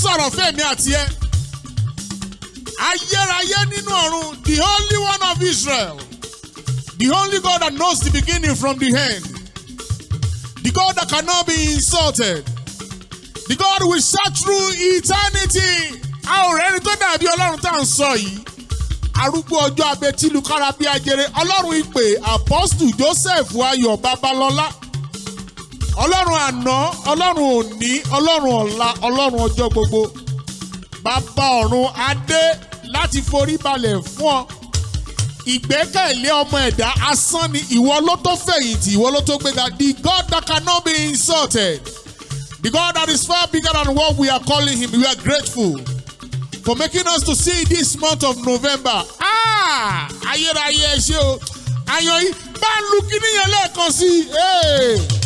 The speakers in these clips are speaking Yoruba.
sọ̀rọ̀ fèmí àti ẹ ayérayé nínú ọ̀run the only one of Israel the only God that knows the beginning from the end the God that cannot be insulted the God who sat through eternity a ò rẹ́ni tó dàbí ọlọ́run tá à ń sọ yìí arúgbó ọjọ́ abẹ tìlú kárábíàjẹrẹ ọlọ́run ìpè apostle Joseph Ayọ̀ Babalọ́lá ọlọ́run àná ọlọ́run òní ọlọ́run ọ̀la ọlọ́run ọjọ́ gbogbo bàbá ọ̀run adé láti forí balẹ̀ fún ọ ìgbẹ́kẹ̀lé ọmọ ẹ̀dá asán ni ìwọ ló tó fẹ̀yìntì ìwọ ló tó gbéga the God that cannot be insulted the God that is far bigger than what we are calling him we are grateful for making us to see this month of November ah ayérayé ẹ ṣé o àyàn yìí bá ń lu kíníyàn lẹ́ẹ̀kan sí i. Hey.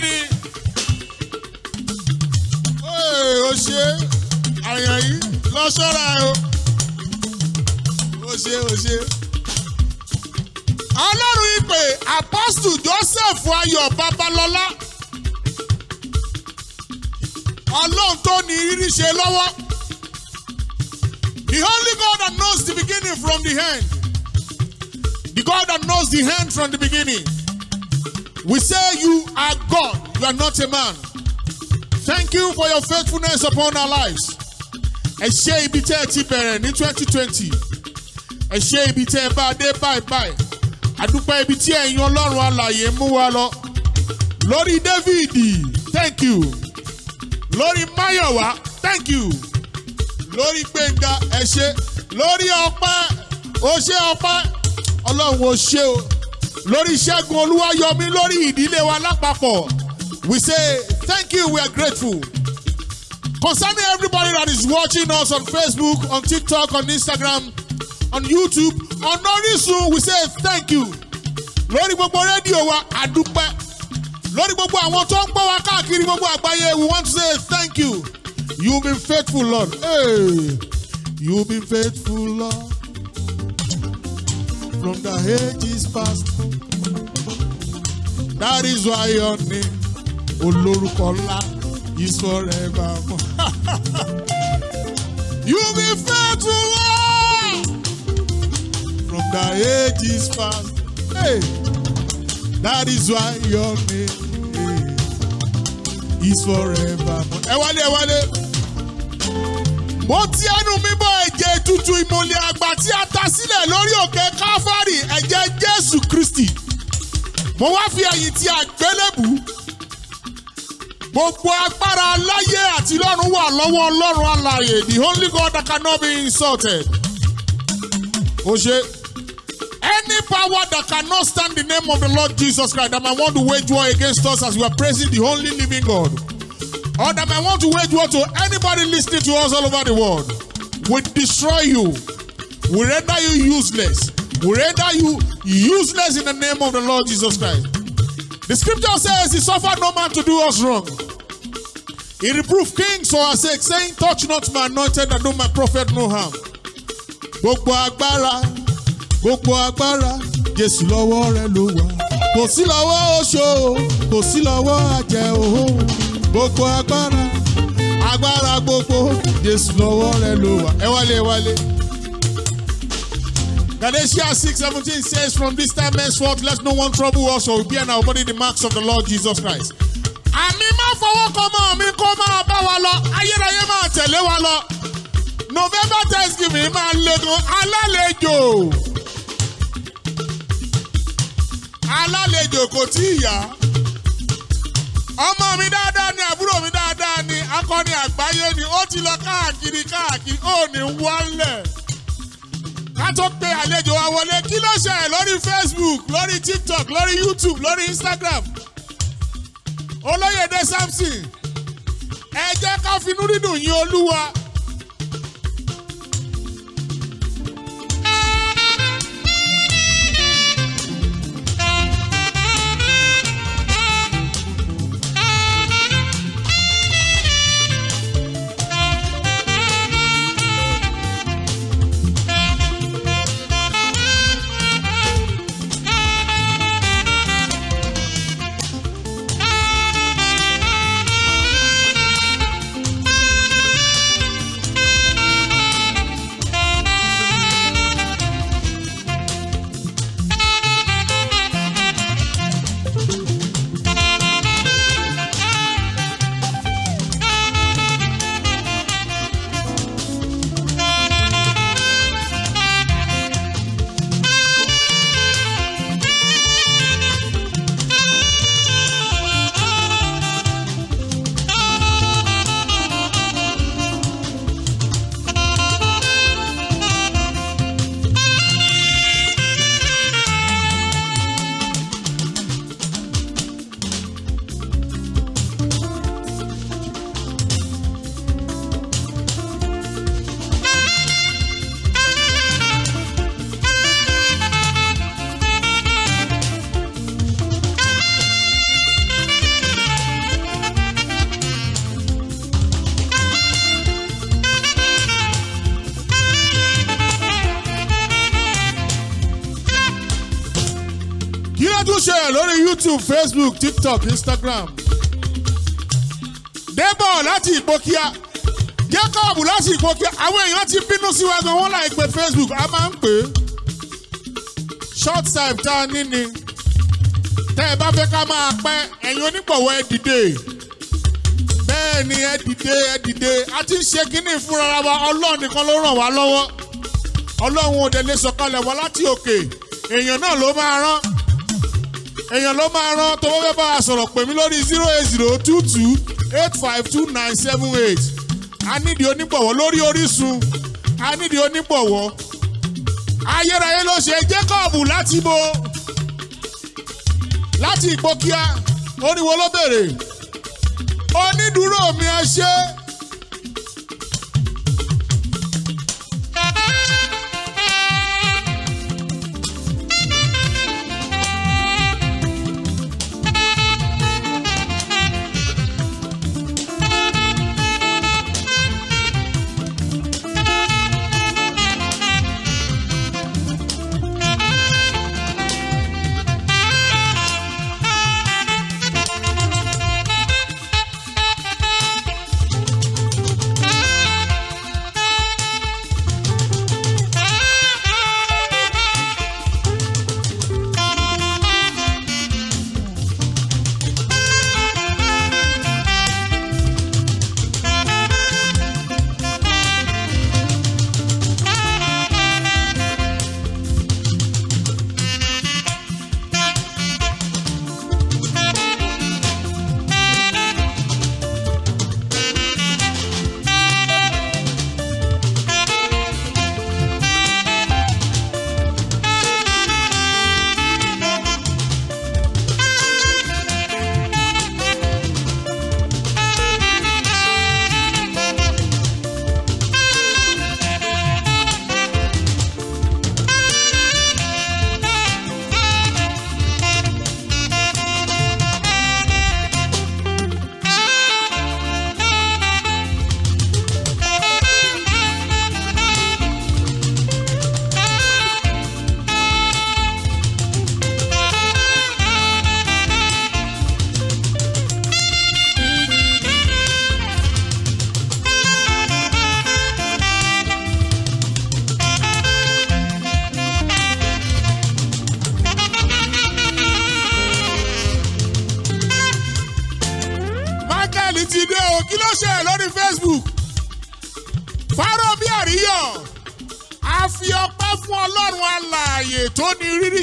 ni. ó ṣe àyàn yìí lọ ṣọ́ra o ó ṣe ó ṣe. ọlọ́run ìpè apọ́sù Joseph Ayọ̀ Babalọ́lá ọlọ́run tó ní rírí ṣe lọ́wọ́. The only God that knows the beginning from the end. The God that knows the end from the beginning. We say you are God, you are not a man. Thank you for your faithfulness upon our lives. Ẹ ṣe ibi tẹ́ ẹ ti bẹ̀rẹ̀ ní twenty twenty. Ẹ ṣe ibi tẹ́ ẹ bá dé báyìí báyìí. Àdúpẹ́ ibi tí ẹ̀yin Ọlọ́run alààyè mú wa lọ. Lórí Dávìdì, thank you. Lórí Máyọ̀wá, thank you. Lórí Gbénga, ẹ ṣe. Lórí Ọpẹ́, ó ṣe Ọpẹ́. Ọlọ́run ó ṣe o lórí Ṣẹ́gun Olúwayọ̀mí lórí ìdílé wa lápapọ̀ we say thank you we are grateful. Concerning everybody that is watching us on Facebook, on TikTok, on Instagram, on YouTube, on Orisun, we say thank you. Lórí gbogbo rédíò wa, a Lórí gbogbo àwọn tó ń gbọ́ wa káàkiri gbogbo àgbáyé, we want to say thank you. You've been faithful, Lord. Hey, you've been faithful, Lord from the ages past. That is why your name, Olórúkọ is forever. you be faithful, eh? from the ages past. Hey, that is why your name eh, is forever. Ẹ wálé, ẹ wálé ó ti ẹnu mi bọ ẹ̀jẹ̀ tútù ìmọ́lẹ̀ àgbà tí a ta sílẹ̀ lórí òkè káfárì ẹ̀jẹ̀ Jésù Kristi mo wá fi ẹ̀yìn ti àgbélébù gbogbo agbára láyé àti lọ́run wà lọ́wọ́ Ọlọ́run alààyè the only God that cannot be insulted ó ṣe any power that cannot stand the name of the Lord Jesus Christ that might want to wage war against us as we are praising the only living God or that might want to wage war to anybody listening to us all over the world. We destroy you. We render you useless. We render you useless in the name of the Lord Jesus Christ. The scripture says he suffered no man to do us wrong. He reproved kings for our sake, saying, Touch not my anointed and do my prophet no harm. Gbogbo agbára, gbogbo agbára, Jésù lọ́wọ́ rẹ̀ ló wà. Kò sí lọ́wọ́ oṣó, kò sí lọ́wọ́ àjẹ́ òhún gbogbo agbára agbára gbogbo Jésù lọ́wọ́ rẹ ló wà ẹ wálé wálé. Galatians 6 17 says, From this time henceforth, let no one trouble us or be in our body the marks of the Lord Jesus Christ. November Thanksgiving máa ọmọ mi dáadáa ni àbúrò mi dáadáa ni akọni àgbáyé ni ó ti lọ káàkiri káàkiri ó ní wálẹ̀ ká tó pe àlejò wa wọlé kí ló ṣe lórí Facebook lórí TikTok lórí YouTube lórí Instagram Olóyèdé Samson ẹ jẹ́ ká finú dídùn yìn Olúwa. youtube facebook tiktok instagram. débọ̀ láti ìpókíà jacob láti ìpókíà àwọn èèyàn ti bínú sí wa gan wọ́n láì pe facebook a máa ń pè é short time tá a ní ni tẹ́ ẹ bá fẹ́ ká máa pẹ́ ẹ̀yin onígbọ̀wọ́ ẹ dìde bẹ́ẹ̀ ni ẹ dìde ẹ dìde a ti ń ṣe kínní fúnra wa ọlọ́run nìkan ló ràn wá lọ́wọ́ ọlọ́run ò dẹ̀ lè sọ̀kalẹ̀ wá láti òkè èèyàn náà ló máa rán èèyàn ló máa rán tó bá fẹ́ bá a sọ̀rọ̀ pè mí lórí zero eight zero two two eight five two nine seven eight a nídìí onígbọ̀wọ́ lórí Orísun a nídìí onígbọ̀wọ́ ayérayé ló ṣe Jacob láti bo láti Ìpókíà oríwo ló bèrè onídùúró mi ẹ ṣe.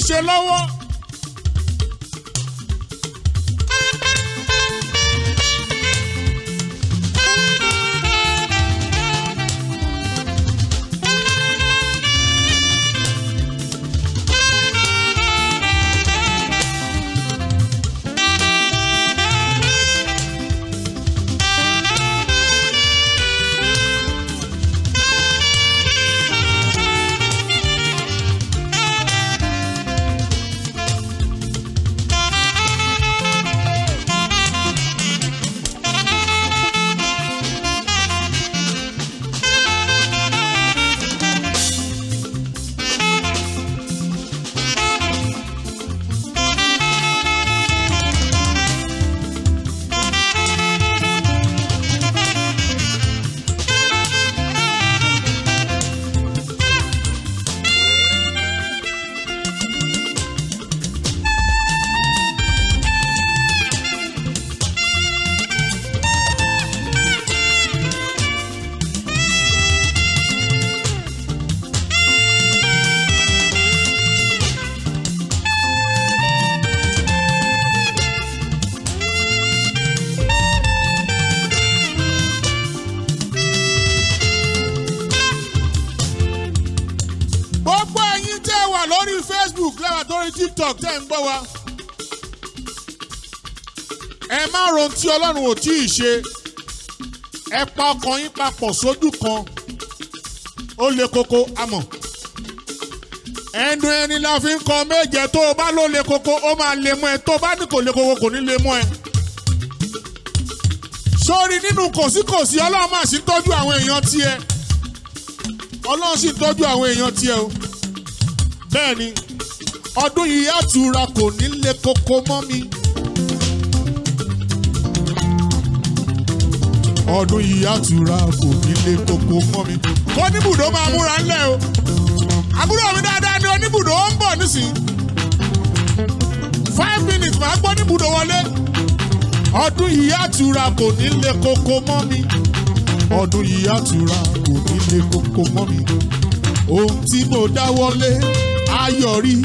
ṣe lọ́wọ́ ohun tí ọlọ́run ò tí ì ṣe ẹ pa ọkàn yín papọ̀ sójú kan ó le koko amọ̀ ẹnu ẹni la fi ń kọ méje tó o bá ló le koko ó máa lè mọ ẹ tó o bá ní kò le koko kò ní lè mọ ẹ sórí nínú kòsíkòsí ọlọ́run máa sì ń tọ́jú àwọn èèyàn tiẹ̀ ọlọ́run sì ń tọ́jú àwọn èèyàn tiẹ̀ o bẹ́ẹ̀ ni ọdún yìí á kò ní le koko mọ́ mi. ọdún yìí àtúrà kò ní lè kókó mọ́ mi. oníbùdó máa múra ńlẹ̀ o àbúrò mi dáadáa ni oníbùdó ó ń bọ̀ nísìn five minutes máa gbọ́ níbùdó wọlé ọdún yìí àtúrà kò ní lè kókó mọ́ mi ọdún yìí àtúrà kò ní lè kókó mọ́ mi ohun tí mo dáwọ́lé ayọ̀rí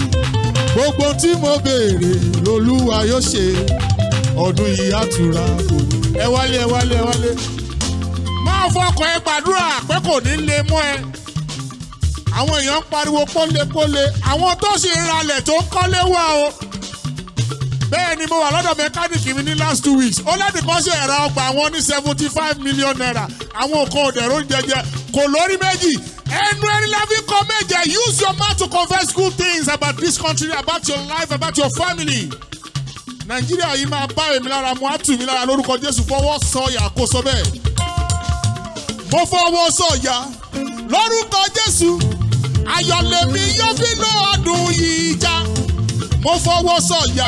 gbogbo tí mo béèrè lolúwa yóò ṣe ọdún yìí àtúrà kò ní. ẹ wálé ẹ wálé ẹ wálé máa fọkàn ẹ gbàdúrà pé kò ní lè mọ́ ẹ àwọn èèyàn ń pariwo pólepóle àwọn tó sì ń ralẹ̀ tó ń kọ́lé wá o bẹ́ẹ̀ ni mo wà lọ́dọ̀ mẹkáníìkì mi ní last two weeks ó lẹ́nu kan ṣe ẹ̀ra ọgbà àwọn ní seventy five million naira àwọn nǹkan òdẹ̀rọ jẹjẹ kò lórí méjì ẹnu ẹni láfi kọ méje use your mouth to confess good things about this country about your life about your family nàìjíríà yìí máa bá èmi lára mu á tù mí lára lórúkọ jésù fọwọ́ sọ yà kó sọ bẹ́ẹ̀ mo fọwọ́ sọ̀yà lórúkọ Jésù ayọ̀ mi yóò fi lọ ọdún yìí já mo fọwọ́ sọ̀yà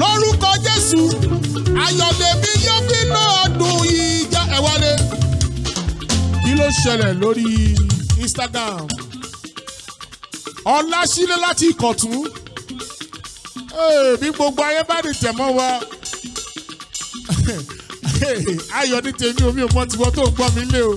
lórúkọ Jésù ayọ̀ lèmi yóò fi lọ ọdún yìí ẹ wálé. kí ló ṣẹlẹ̀ lórí Instagram Ọláṣílẹ̀ láti Ìkọ̀tún bí gbogbo ayé bá lè tẹ̀ mọ́ wa. ayọ̀ ní tèmi omi ò mọ́ tiwọ́ tó ń gbọ́ mi lé o.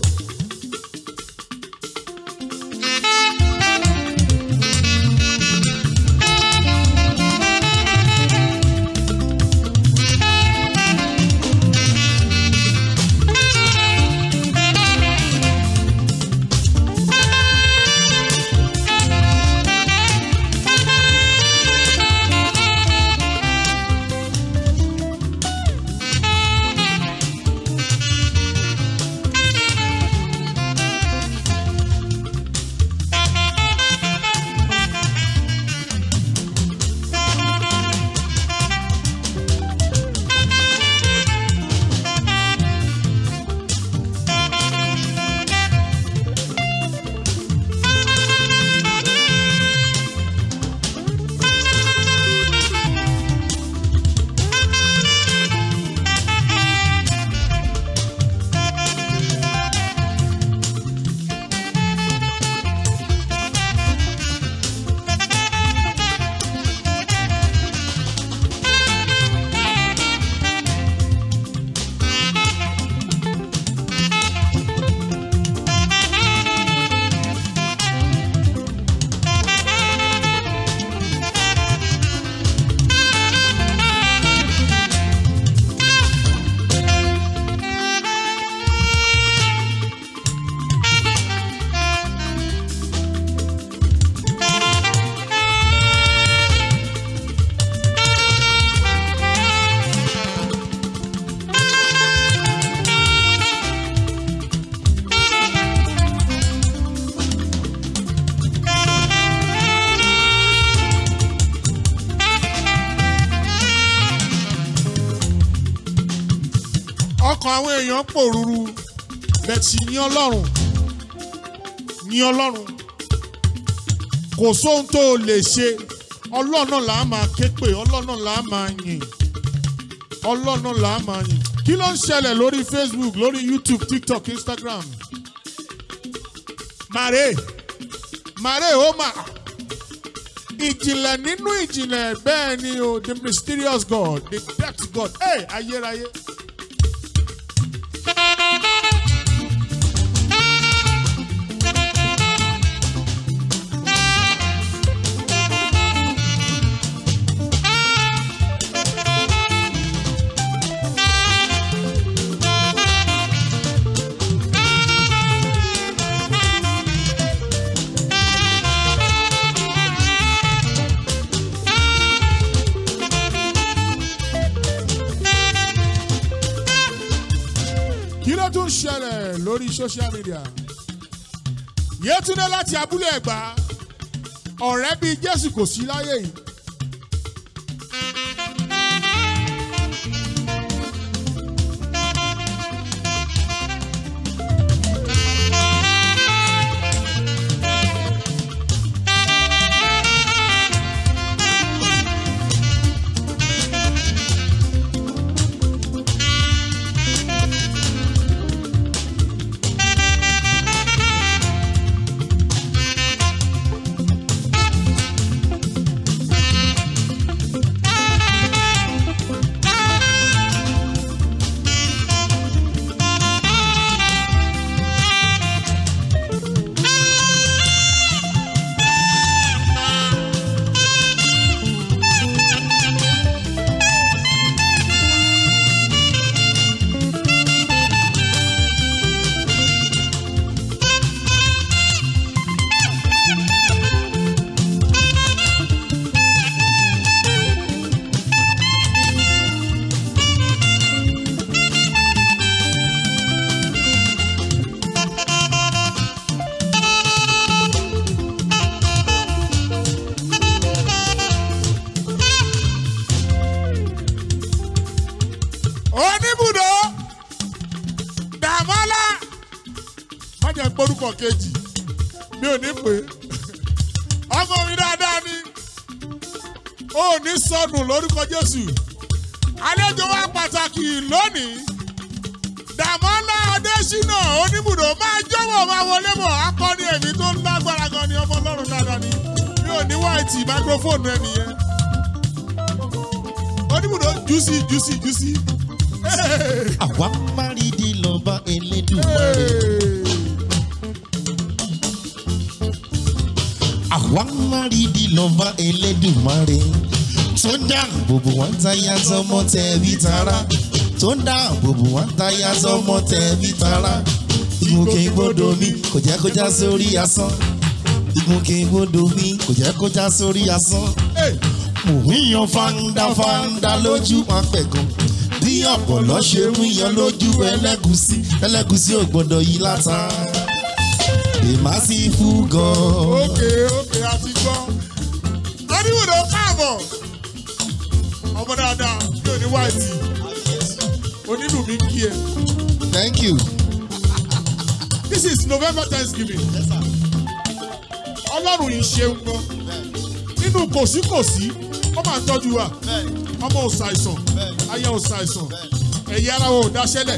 ọkàn àwọn èèyàn pòrúurú bẹ̀tì ní ọlọ́run ní ọlọ́run kò sóhun tó o lè ṣe ọlọ́run là á máa ké pè ọlọ́run là á máa yìn ọlọ́run là á máa yìn kí ló ń ṣẹlẹ̀ lórí Facebook lórí YouTube TikTok Instagram màrè màrè ó ìjìnlẹ̀ nínú ìjìnlẹ̀ bẹ́ẹ̀ ni o the mysterious God the death God Hey, ayérayé. Hey, social media. Yétúndé láti abúlé Ẹ̀gbá ọ̀rẹ́ bíi Jésù kò sí láyé yìí. ò máa wọlé bọ̀ akọni ẹ̀mí tó lágbára gan ni ọmọ ọlọ́run dáadáa ni mi ò ní wáìtì máikrófóònù ẹ nìyẹn. oníbùdó jùsí jùsí jùsí. àwa máa rí di lọ́ba Elédùmarè. àwa máa rí di lọ́ba Elédùmarè tó dáàbò bò wá táyà sọmọ tẹ̀ bí tara tó dáàbò bò wá táyà sọmọ tẹ̀ bí tara ìgùnkè gbódò mi kò jẹ́ kó já sórí asán ìgùnkè gbódò mi kò jẹ́ kó já sórí asán mò ń yan fanda lójú máa bí ọ̀pọ̀lọ́ ṣe ń yan lójú ẹlẹ́gùsí ẹlẹ́gùsí ò gbọ́dọ̀ yí láta èmá sì fú gan. òkè òkè àti gbọ́n oníwòdò káàbọ̀ ọmọ dáadáa ní oníwáìtì onílù mi kí ẹ. thank you this is november thanksgiving ọlọ́run yìí ṣeun gan nínú kòsíkòsí ó máa ń tọ́jú wa ọmọ ò ṣàìsàn aya ò ṣàìsàn ẹ̀yà ara wa ò daṣẹ́lẹ̀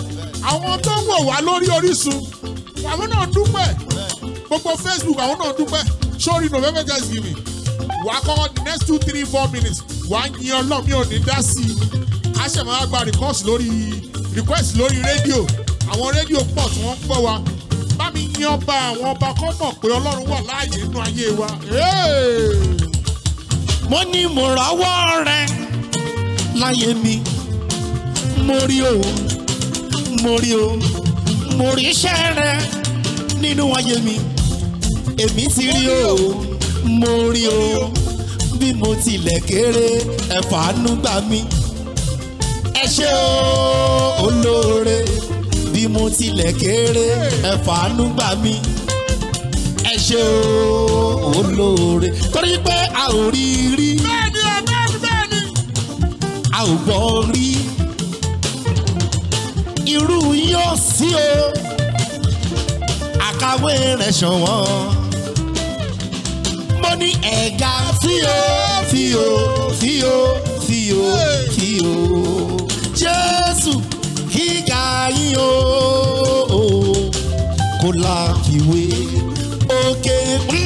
àwọn tó ń wò wá lórí orísun àwọn náà dúpẹ́ gbogbo facebook àwọn náà dúpẹ́ sórí november thanksgiving wàá kọ́kọ́ the next two three four minutes wàá yin ọlọ́run mi ò ní dá sí i a ṣẹ̀ máa gba request lórí request lórí rédíò àwọn rédíò pọ̀ tí wọ́n ń gbọ́ wa bá mi yin ọba àwọn ọba kan mọ̀ pé ọlọ́run wà láàyè inú ayé wa. mo ní mo rọ́wọ́ rẹ láyé mi mo rí o mo rí o mo rí iṣẹ́ rẹ nínú ayé mi èmi ti rí o mo rí o bí mo tilẹ̀ kéré ẹ̀fà nùgbà mi ẹ ṣé o olóore bí mo tilẹ̀ kéré ẹ fàánú gbà mí ẹ ṣe olóore torí pé a ò rí rí a ò gbọ́ rí irú yóò sí o àkàwé rẹ̀ ṣọ̀wọ́n mo ní ẹ̀ga fíò fíò fíò fíò fíò Jésù yín o kò láfiwé òkè. Okay.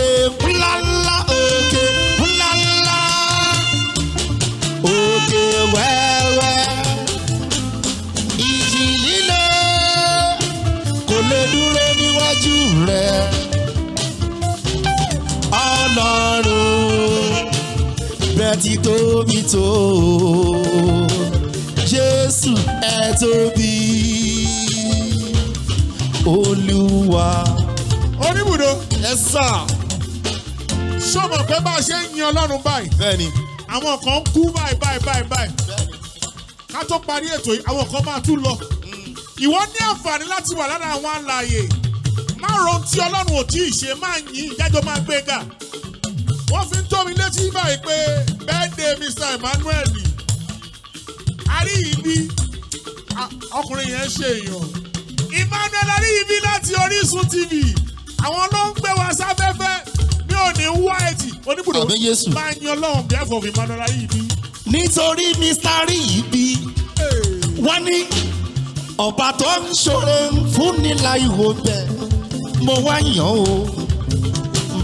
òkè ńláńlá òkè ńláńlá òkè wẹ́wẹ́ ìjì líle kò lè dúró níwájú rẹ ọlọ́run bẹ́ẹ̀ ti tóbi tó Jésù ẹ tóbi olúwa. oníbùdó. ẹ Yes, sir ṣó mọ̀ pé bá a ṣe ń yin ọlọ́run báyìí. bẹ́ẹ̀ni. àwọn kan ń kú báyìí báyìí báyìí báyìí. ká tó parí ètò yìí àwọn kan máa tún lọ. Hmm. ìwọ ní àǹfààní láti wà lára àwọn alààyè. má ron tí ọlọ́run ò tí ṣe máa yin ìjájọ́ máa gbé ga. wọ́n fi ń tó mi létí báyìí pé birthday Mr. Emmanuel arí ibi ọkùnrin yẹn ṣe èèyàn. Emmanuel arí ibi láti Orísun TV àwọn ló ń gbé wa sáfẹ́fẹ́ òní white oníbùdó máa yan ọlọ́run bí ẹ̀fọ́ fi manara yìí bí. nítorí mr yìí bí wọ́n ní ọba tó ń ṣoore fún ni láìwo bẹ́ mo wá yàn ó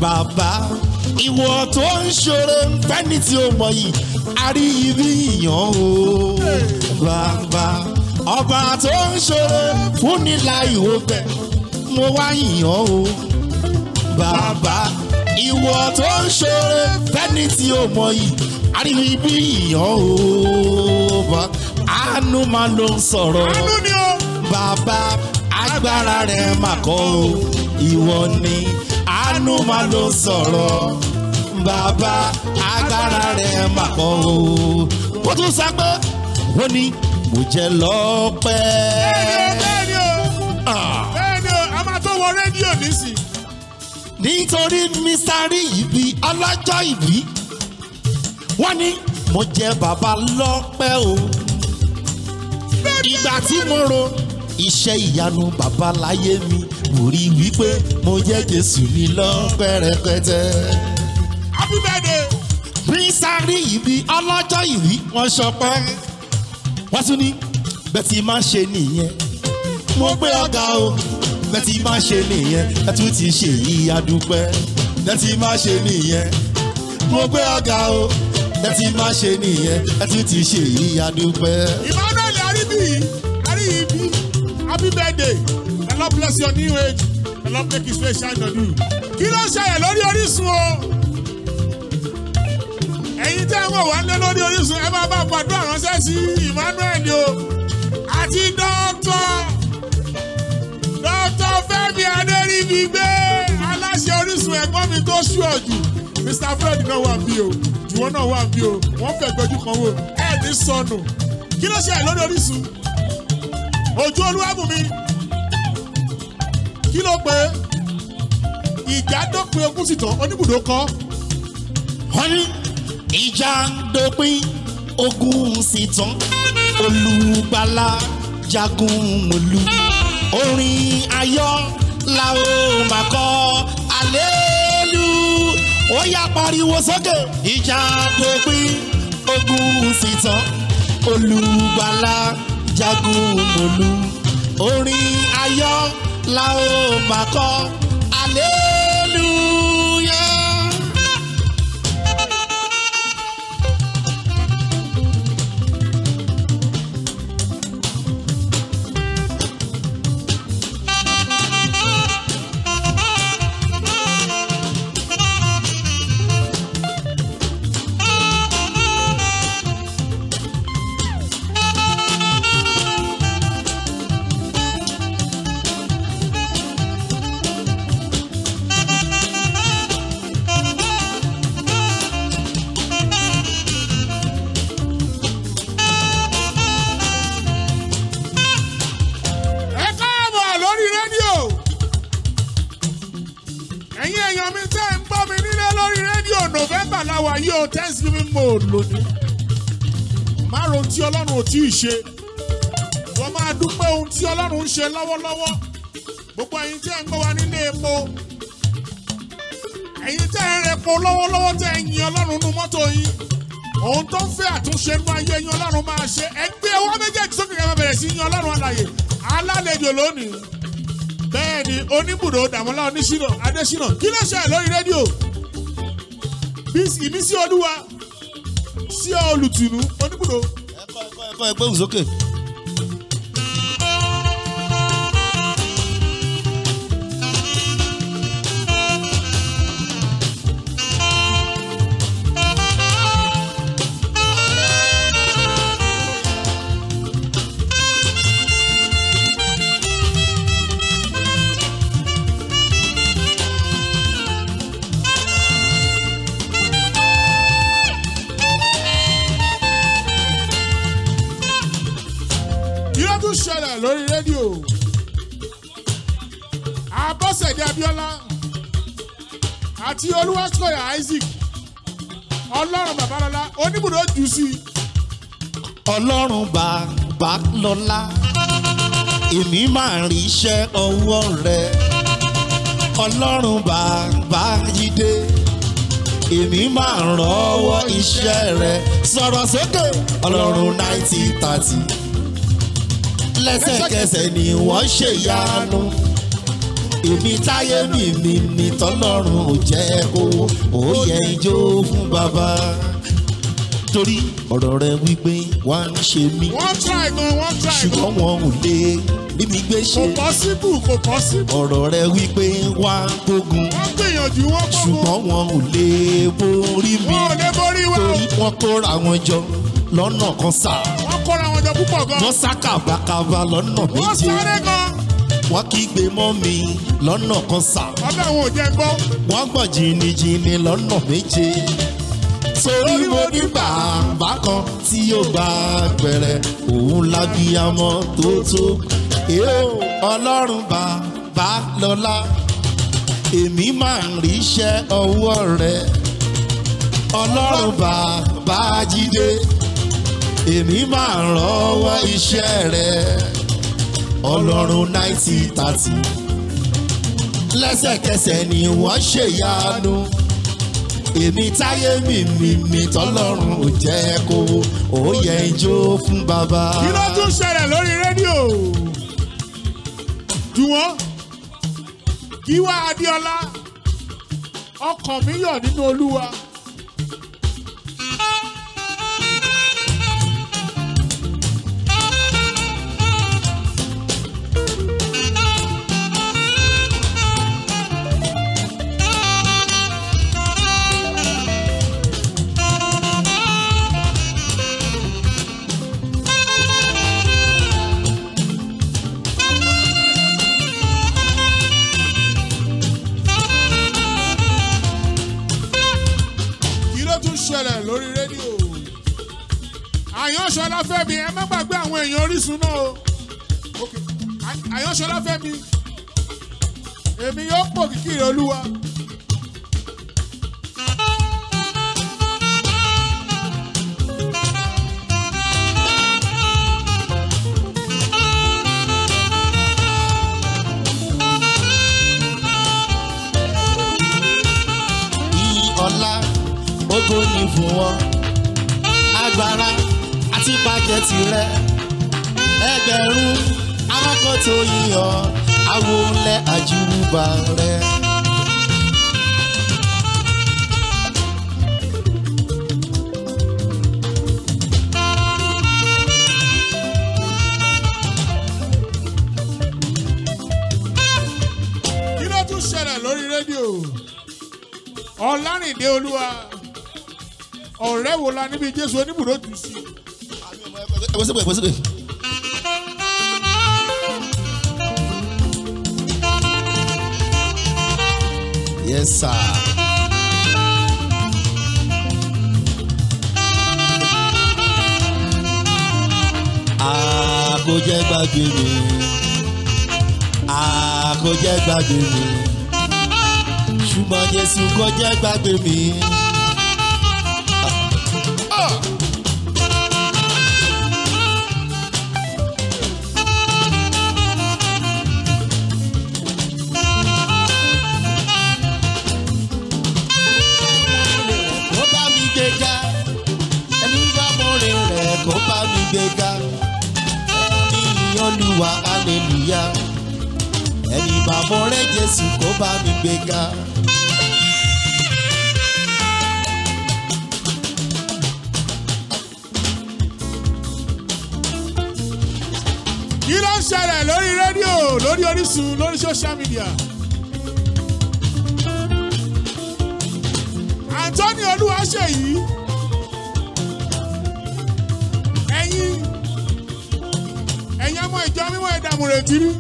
bàbá ìwọ tó ń ṣoore fẹ́ni tí ó mọ̀ yìí àrí ibi yàn ó bàbá ọba tó ń ṣoore fún ni láìwo bẹ́ mo wá yàn ó bàbá ìwọ tó ń ṣoore fẹ́ni tí ó mọ yìí àríwíbí ìyàn ó bá àánú máa ló ń sọ̀rọ̀ bàbá agbára rẹ̀ mà kọ́ o ìwọ ni àánú máa ló ń sọ̀rọ̀ bàbá agbára rẹ̀ mà kọ́ o ó tún sọ pé ó ní mo jẹ́ lọ́pẹ́. bẹ́ẹ̀ni o bẹ́ẹ̀ni o ah. bẹ́ẹ̀ni o a máa tó wọ rédíò nísìnyí nítorí mísárì ìbí ọlọ́jọ́ ìbí wọ́n ní mo jẹ bàbá lọ́pẹ́ o ìgbà tí mo ro iṣẹ́ ìyanu bàbá láyé mi mo rí wípé mo jẹ Jésù mi lọ́pẹ́ rẹpẹtẹ. Happy birthday. mísárì ìbí ọlọ́jọ́ ìbí wọ́n ṣọpẹ́ wọ́n tún ní bẹ́ẹ̀ tí máa ṣe nìyẹn mo gbé ọ̀gá o lẹ́tí má ṣe nìyẹn ẹtú ti ṣe yìí adúpẹ́ lẹ́tí má ṣe nìyẹn mo gbé ọ̀gá o lẹ́tí má ṣe nìyẹn ẹtú ti ṣe yìí adúpẹ́. Emmanuel aribi aribi happy birthday the Lord bless your new age the Lord make his face shine on you kí ló ń ṣẹlẹ̀ lórí Orísun o ẹ̀yin tẹ́ ń wò wá lé lórí Orísun ẹ bá bá gbàdúrà ránṣẹ́ sí Emmanuel o àti dán. fi gbé aláṣẹ Orísun ẹ̀gbọ́n mi tó ṣú ọ̀jù Mr Fred náà wà bí o jùwọ́n náà wà bí o wọ́n fẹ́ gbẹ́jú kan wò ẹ̀ ní sọnù kí ló ṣe ẹ̀ lórí Orísun ojú Olúwabùnmi kí ló pé ìjà dópin ogún sì tán oníbùdó kọ́. wọ́n ní ìjà dópin ogún sì tán olùgbàlà jagun mọ̀lú orin ayọ̀ la ó máa kọ àlélù ó yá pariwo sókè. ìjà dópin ogun sì tán olùgbàlà jagun mòlú orin ayọ̀ la ó máa kọ November láwa yìí o thanksgiving mode lónìí márùn tí ọlọ́run ò tí ì ṣe wọ́n máa dúpẹ́ ohun tí ọlọ́run ń ṣe lọ́wọ́lọ́wọ́ gbogbo ẹ̀yin tẹ́ ń gbọ́ wa nílé epo ẹ̀yin tẹ́ ń repo lọ́wọ́lọ́wọ́ tẹ́ ń yin ọlọ́run nu mọ́tò yín òun tó ń fẹ́ àtúnṣe nínú ayé yín ọlọ́run máa ṣe ẹgbẹ́ ọwọ́ méjèèjì sókè kẹfà bẹ̀rẹ̀ sí yin ọlọ́run alàyè alálejò lónìí bẹ́ẹ̀ ni oníbùdó dàmọ́lá oníṣínà adéṣínà kí ló ṣe lórí rédíò ìmísí olúwa sí olùtùnú oníbùdó. ẹ̀kọ́ ẹ̀kọ́ ẹ̀kọ́ ẹgbẹ́ òsókè. Abíọ́lá àti Olúwaṣọ̀yà Isaac Ọlọ́run Babalọ́lá oníbùdó jù sí. Ọlọ́run Babalọ́lá èmi máa rí iṣẹ́ ọwọ́ rẹ Ọlọ́run Babájídé èmi máa rọ́wọ́ iṣẹ́ rẹ sọ̀rọ̀ sókè Ọlọ́run náìtì tàtì lẹ́sẹ̀kẹsẹ̀ ni wọ́n ṣèyanu èmi táyé mi mi mi ò jẹ́ kó ó yẹ ijó fún bàbá torí ọ̀rọ̀ rẹ wípé wá ń ṣe mí. wọ́n try gan wọ́n try gan. ṣùgbọ́n wọn ò lè bí mi gbé ṣe. kò pọ́síbù kò pọ́síbù. ọ̀rọ̀ rẹ wípé wá ń gbógun. wọ́n gbìyànjú wọ́n gbógun. ṣùgbọ́n wọn ò lè borí mi. wọn ò lè borí wa. torí wọ́n kóra wọn jọ lọ́nà kan sá. wọ́n kóra wọn jọ púpọ̀ gan. wọ́n sá wọ́n kígbe mọ́ mi lọ́nà kan sà. ọlọ́run ò jẹ́ gbọ́. wọ́n gbọ̀n jìnnìjìnnì lọ́nà méje torí mo ní bàbá kan tí yóò gba pẹ̀rẹ̀ òun lábíyamọ tó tó èèó ọlọ́run bàbá lọ́lá èmi máa ń ríṣẹ́ ọwọ́ rẹ̀ ọlọ́run bàbá jíde èmi máa ń rọ́wọ́ iṣẹ́ rẹ̀ ọlọ́run náìtì tàtì lẹ́sẹ̀kẹsẹ̀ ni wọ́n ṣèyanu èmi táyé mi mi mi tọ́lọ́run ò jẹ́ kó ó yẹ ijó fún bàbá. kí ló tún ṣẹlẹ̀ lórí rédíò jùwọ́n Gíwá Adéọlá ọkàn mi yọ̀ nínú Olúwa. ọ̀rẹ́ wo la níbi Jésù oníbùdó tù sí. ẹ wọ́n sípè ẹ wọ́n sípè. Yes, sir. àkójẹ́ gbàgbé mi àkójẹ́ gbàgbé mi ṣùgbọ́n Jésù kò jẹ́ gbàgbé mi. ìgbéga ìyìn Olúwa aleluya ẹni bàbá rẹ Jésù kó bá mi gbéga. kí ló ń ṣẹlẹ̀ lórí rédíò lórí Orísun lórí social media. Anthony Olúwaṣèyí. amúretí rí.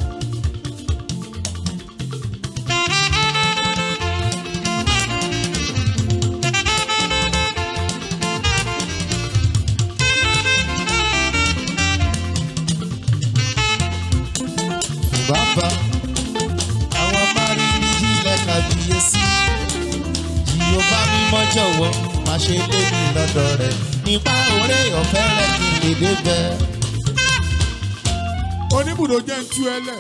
bàbá àwọn mari ìjìnlẹ̀ kàbíyèsí yìí ó bá mímọ́ jọ̀wọ́ má ṣe lé mi lọ́dọ̀ rẹ̀ nípa òré ọ̀fẹ́ rẹ̀ kì í lè débẹ̀ oníbùdó jẹ́ ń tú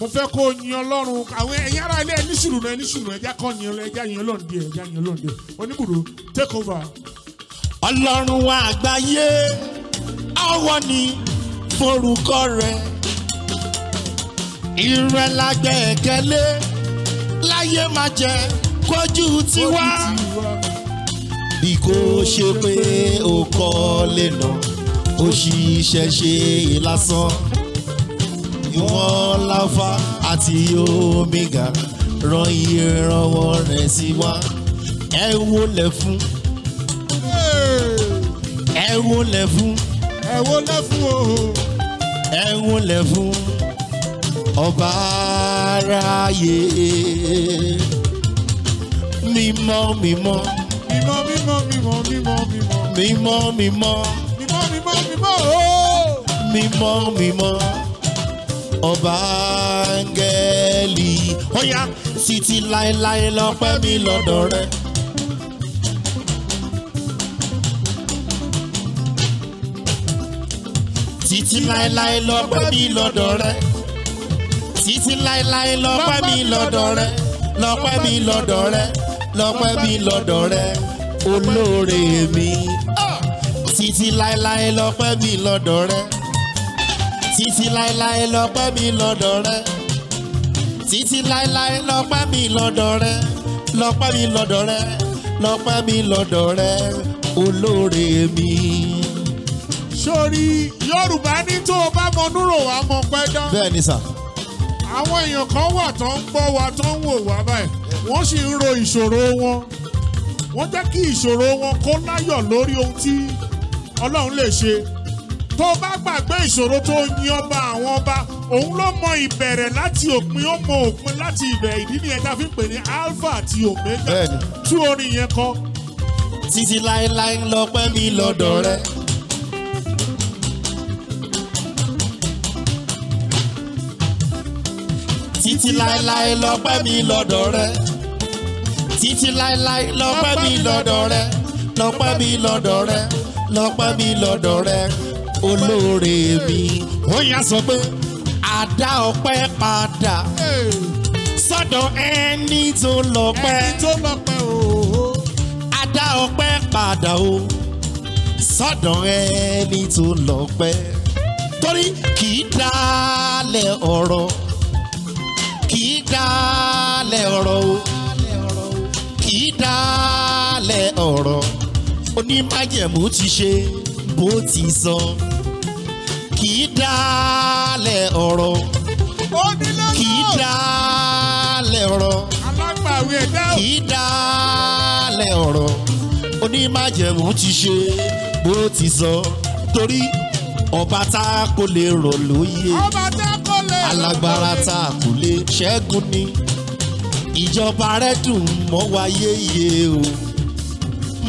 mo fẹ́ kó yin ọlọ́run àwọn ẹ̀yin ara ilé ẹni sùúrù náà ẹni sùúrù náà ẹja kọ́ yin ọlọ́run ẹja yin ọlọ́run díẹ̀ ẹja yin ọlọ́run díẹ̀ oníbùdó take over. ọlọ́run wa àgbáyé ọwọ́ ni forúkọ rẹ̀ ìrẹ́ lágbẹ̀ẹ́kẹ́lé láyé máa jẹ kójú tiwa bí kò ṣe pé ó kọ́ lè nà òṣìṣẹ́ ṣe lásán ìwọ́n láfa àti omega ran ìrànwọ́ rẹ̀ sí wa ẹ wólẹ̀ fún ẹ wólẹ̀ fún ẹ wólẹ̀ fún o ẹ wólẹ̀ fún ọba aráyé mímọ́ mímọ́ mímọ́ mímọ́ mímọ́ mímọ́ mímọ́ mímọ́ mímọ́ mímọ́ mímọ́ ọba áńgẹ́lì ọ̀yá sì ti láéláé lọ́pẹ́ mi lọ́dọ̀ rẹ. títí láéláé lọ́pẹ́ mi lọ́dọ̀ rẹ. títí láéláé lọ́pẹ́ mi lọ́dọ̀ rẹ. lọ́pẹ́ mi lọ́dọ̀ rẹ. lọ́pẹ́ mi lọ́dọ̀ rẹ. olóore mi. títí láéláé lọ́pẹ́ mi lọ́dọ̀ rẹ títí láéláé lọ́pẹ́ mi lọ́dọ̀ rẹ títí láéláé lọ́pẹ́ mi lọ́dọ̀ rẹ lọ́pẹ́ mi lọ́dọ̀ rẹ lọ́pẹ́ mi lọ́dọ̀ rẹ olóore mi. sórí yorùbá ní tó o bá mọ núrò wá mọ pẹ́ dán. bẹ́ẹ̀ ni sà. àwọn èèyàn kan wà tó ń gbọ́ wa tó ń wò wá báyìí wọ́n sì ń ro ìṣòro wọn wọ́n jẹ́ kí ìṣòro wọn kó láyọ̀ lórí ohun tí ọlọ́run lè ṣe tó bá gbàgbé ìṣòro tó yin ọba àwọn ọba òun ló mọ ìbẹ̀rẹ̀ láti òpin ó mọ òpin láti ìbẹ̀rẹ̀ ìdí nìyẹn tá fi ń pè ní alpha àti omega tú orin yẹn kọ. títí láéláé lọpẹ́ mi lọ́dọ̀ rẹ. títí láéláé lọpẹ́ mi lọ́dọ̀ rẹ. títí láéláé lọpẹ́ mi lọ́dọ̀ rẹ. lọpẹ́ mi lọ́dọ̀ rẹ. lọpẹ́ mi lọ́dọ̀ rẹ olóore mi. oya yá sọ pé a dá ọpẹ́ padà sọ́dọ̀ ẹni tó lọ́pẹ́. ẹni tó lọ́pẹ́ o. a dá ọpẹ́ padà o sọ́dọ̀ ẹni tó lọ́pẹ́. torí kì í dálẹ̀ ọ̀rọ̀ kì í dálẹ̀ ọ̀rọ̀ o kì í dálẹ̀ ọ̀rọ̀ onímájẹ̀mú ti ṣe bó ti sọ. So dálẹ̀ ọ̀rọ̀ kì í dálẹ̀ ọ̀rọ̀ kì í dálẹ̀ ọ̀rọ̀ onímájẹ̀mú ti ṣe bó ti sọ torí ọba tá a kò lè rọ̀ lóyè alágbára tá a kò lè ṣẹ́gun ni ìjọba rẹ dùn mọ́ wa yéye o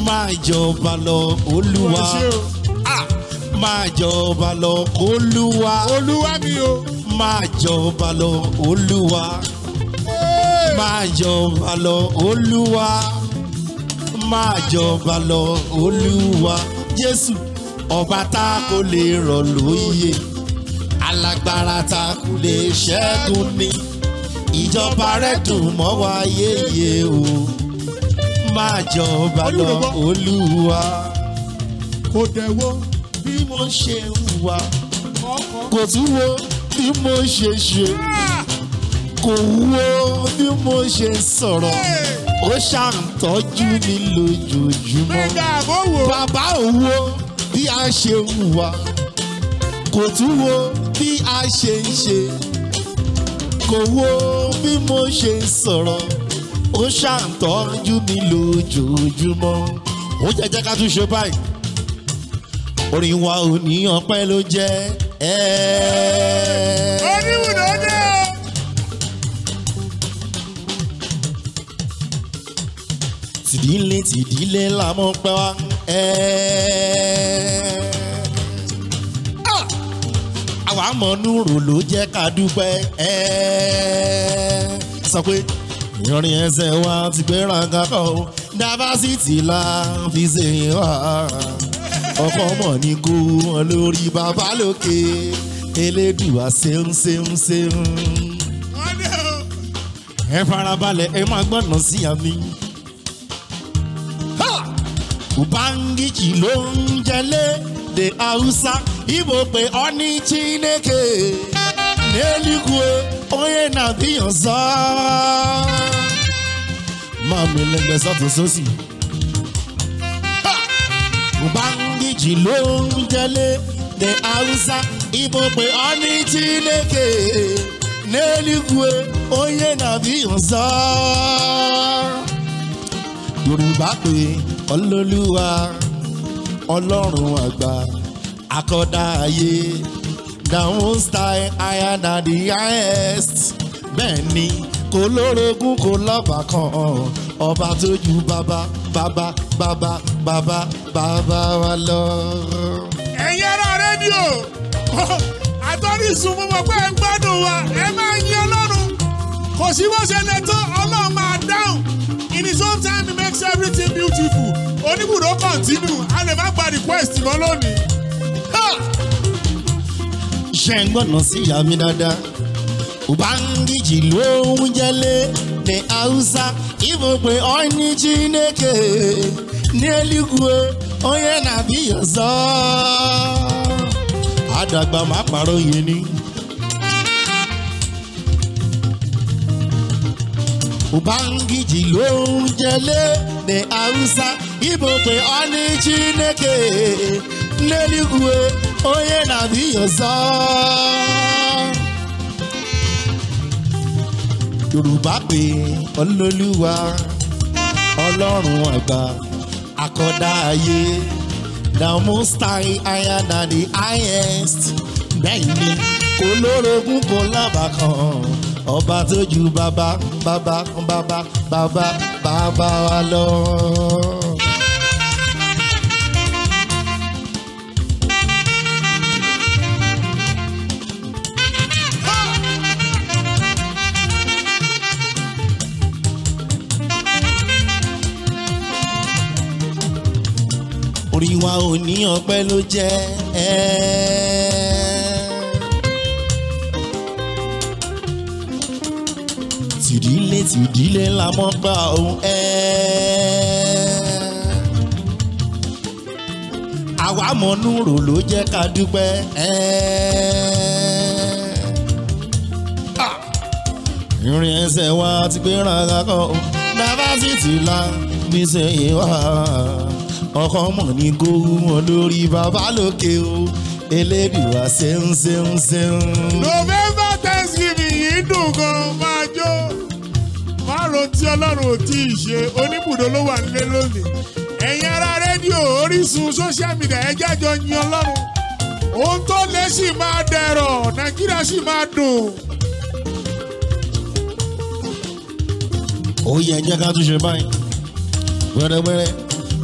máa jọba lọ olúwa máa jọba lọ olúwa olúwa mi o máa jọba lọ olúwa máa jọba lọ olúwa máa jọba lọ olúwa jésù ọba tá kò lè rọ̀ lóyè alágbára tá kò lè ṣẹ́gun ni ìjọba rẹ̀ dùn mọ́ wa yéye o máa jọba lọ olúwa. kò tẹ̀wọ́ bí mo ṣe hùwà kò tún wo bí mo ṣe ṣe kò wo bí mo ṣe sọ̀rọ̀ ó ṣàǹtọ́jú mi lójoojúmọ́ bàbá òwò bí a ṣe hùwà kò tún wo bí a ṣe ń ṣe kò wo bí mo ṣe ń sọ̀rọ̀ ó ṣàǹtọ́jú mi lójoojúmọ́ ó jẹ́ jẹ́ ká tún ṣe báyìí orin wa ò ní ọpẹ́ ló jẹ́ ẹ́. oníwùdó dé. tìdílé tìdílé la mọ̀ pẹ́ wá ẹ́. Ah! àwa mọ̀ núrò ló jẹ́ ká dúpẹ́ ẹ́. sọ pé ìrìn ẹsẹ̀ wa ti gbéra gàkọ́ dábàá la fi ṣe wá ọkọ mọ̀ ní kú wọn lórí bàbá lókè elédùá ṣeun ṣeun ṣeun. ẹ farabalẹ̀ ẹ máa gbọ́nà sí àmì. ubangiji ló ń jẹlé de hausa igbo pe ọ ní chineke n'eluigwe onye na-abịa ọzọ. máa mú ilé ẹgbẹ́ Ubangiji ló ń jẹlé the Hausa ibo pe ọ ní Chineke n'eluigwe onye na-abịa ọzọ. Yorùbá pe ọlọ́lúwa ọlọ́run àgbà akọ́dá ayé down style higher than the highest bẹ́ẹ̀ ni kò lórogún kò lọ́bàkan ọba tó bàbá bàbá bàbá Baba, Baba, wa lọ. ẹ̀yin ará rédíò àtọ́rí ìsùn mo mọ̀ pé ẹ ń gbádùn wa ẹ máa yin ọlọ́run kò sí bó ṣe lè tó ọlọ́run máa dáhùn in his own time he makes everything beautiful oníbùdó continue a lè má gba request mọ́ lónìí. ṣe ń gbọ́nà sí ìyá mi dáadáa ubangiji ló ń jẹ́lé ní haúsá ìbò pé ọ́ n'eluigwe onye na-abịa ọzọ adagba ma kpara oyeni ụbangiji ji jele na Hausa ibo kwe ọnụ Chineke n'eluigwe onye na-abịa ọzọ kwe pé Olúwa ọlọ́run àkọ́dá ayé the most high higher than the highest bẹ́ẹ̀ ni kò lórogún kò lábàkan ọba tó ju bàbá bàbá bàbá bàbá bàbá wa lọ. wa ò ní ọpẹ́ ló jẹ́ tìdílé tìdílé la mọ́ gbà òun àwa mọ̀nú rò ló jẹ́ ká dúpẹ́ ìrìn ẹsẹ̀ wa ti gbéra kakọ́ nàbàtì tìlà níṣẹ́ yìí wá ọkàn mọ̀ ní gógún wọn bàbá lókè o elédùá ṣeun ṣeun ṣeun. November Thanksgiving yìí dùn gan máa jó máa ro tí Ọlọ́run ò tí ì ṣe oníbùdó ló wà nílé lónìí ẹ̀yin ará rédíò Orísun social media ẹ jájọ yin Ọlọ́run ohun tó lé sì máa dẹ̀rọ̀ Nàìjíríà sì máa dùn. ó yẹ jẹ́ ká tún ṣe báyìí wẹ́rẹ́wẹ́rẹ́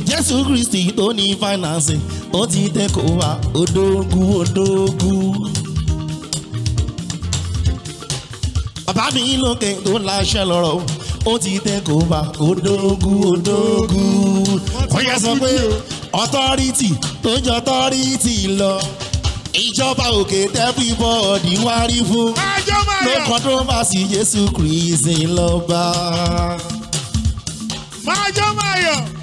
jésù kristi tó ní finance ó ti tẹ́kọ̀ọ́ wa Odogu. odógú. bàbá mi lókè tó láṣẹ lọ́rọ̀ ó ti tẹ́kọ̀ọ́ wa odógú odógú. kọ́yà sọ pé authority tó jẹ́ authority lọ ìjọba òkè everybody wá rí fún ló controversy jésù kristi lọ́ba. májọ́ máa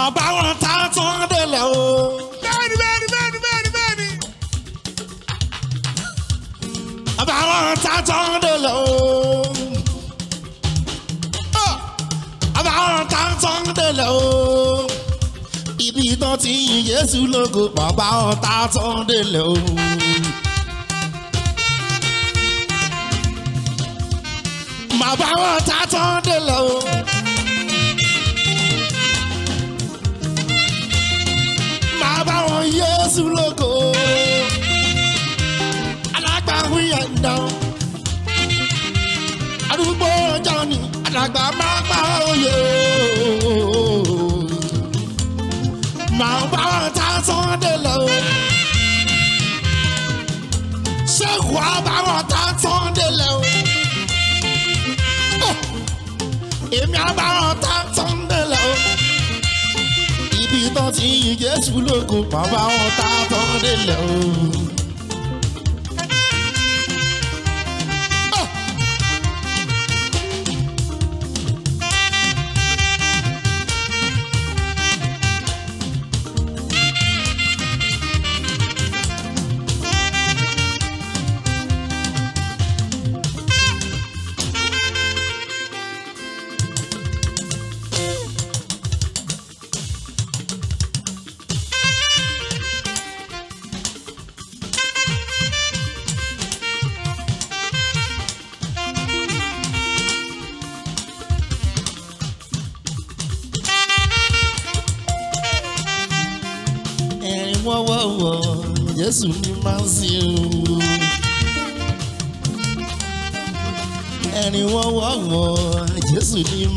mà wọn ta tún délẹ̀ o. bẹ́ẹ̀ni bẹ́ẹ̀ni bẹ́ẹ̀ni bẹ́ẹ̀ni bẹ́ẹ̀ni. mà wọn ta tún délẹ̀ o. mà wọn ta tún délẹ̀ o. ibi tán ti yin Jésù lógo mà wọn ta tún délẹ̀ o. mà wọn ta tún délẹ̀ o. Jésù lógo alàgbà wíyà dá arúgbó ọjọ́ ni alàgbà máa gbà oyè màá bá wọn ta sọ́ndé lọ ṣé wàá bá wọn ta sọ́ndé lọ èmi ta níbi ti ń jẹ́ tùlógo bàbá wọn tá délẹ̀ o.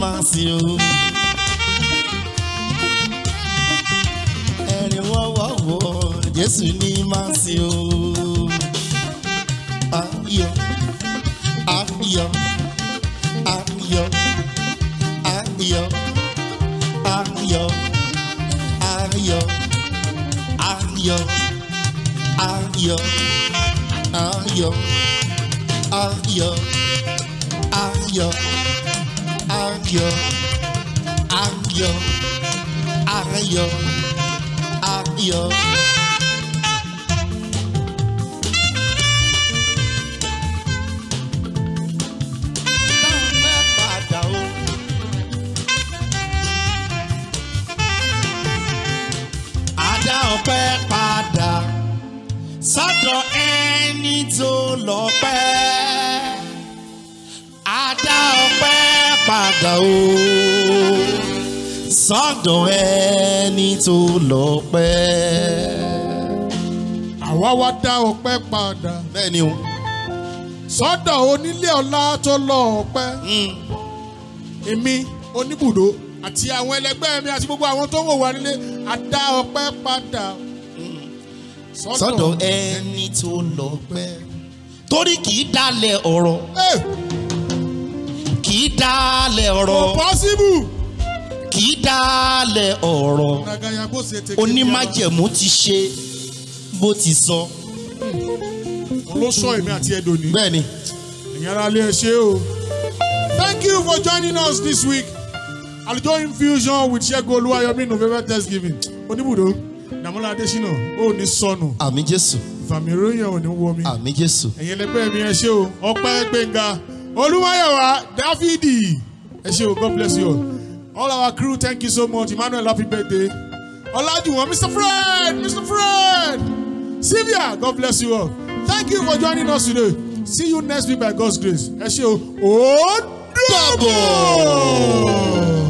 fácil lọ́pẹ́ padà sọ́dọ̀ ẹni tó lọ́pẹ́ á dá ọpẹ́ padà o sọ́dọ̀ ẹni tó lọ́pẹ́. àwa wá dá ọpẹ́ padà. bẹ́ẹ̀ni o. sọ́dọ̀ onílé ọlá tó lọ ọpẹ́. Hmm. èmi oníbùdó àti àwọn ẹlẹgbẹ́ mi àti gbogbo àwọn tó ń wò wá nílé a ọpẹ́ padà hmm. sọ́dọ̀ ẹni tó lọ pẹ́ torí kì í dalẹ̀ ọ̀rọ̀ kì í dalẹ̀ ọ̀rọ̀ kò pọ́síbù kì í dalẹ̀ ọ̀rọ̀ onímájẹ̀mú ti ṣe bó ti sọ. Hmm. olóṣọ èmi àti ẹdọ ni. bẹ́ẹ̀ni. ẹ̀yin ará lé o. Thank you for joining us this week àlùjọ infusion with ṣẹ́gun olúwayọ̀mí november thanksgiving oníbùdó Namola adésínà ó ní sọnù. àmì jésù. ìfàmìròyìn ò ní wọ mi. àmì jésù. ẹ̀yin ẹlẹgbẹ́ mi ẹ ṣé o ọpẹ́ gbẹ̀ngà olúwayọ̀wá dáfídì ẹ ṣé o god bless you all all our crew thank you so much emmanuel happy birthday olajuwon mr fred mr fred sylvia god bless you all thank you for joining us today see you next week by god's grace ẹ ṣé o ó dàbọ̀.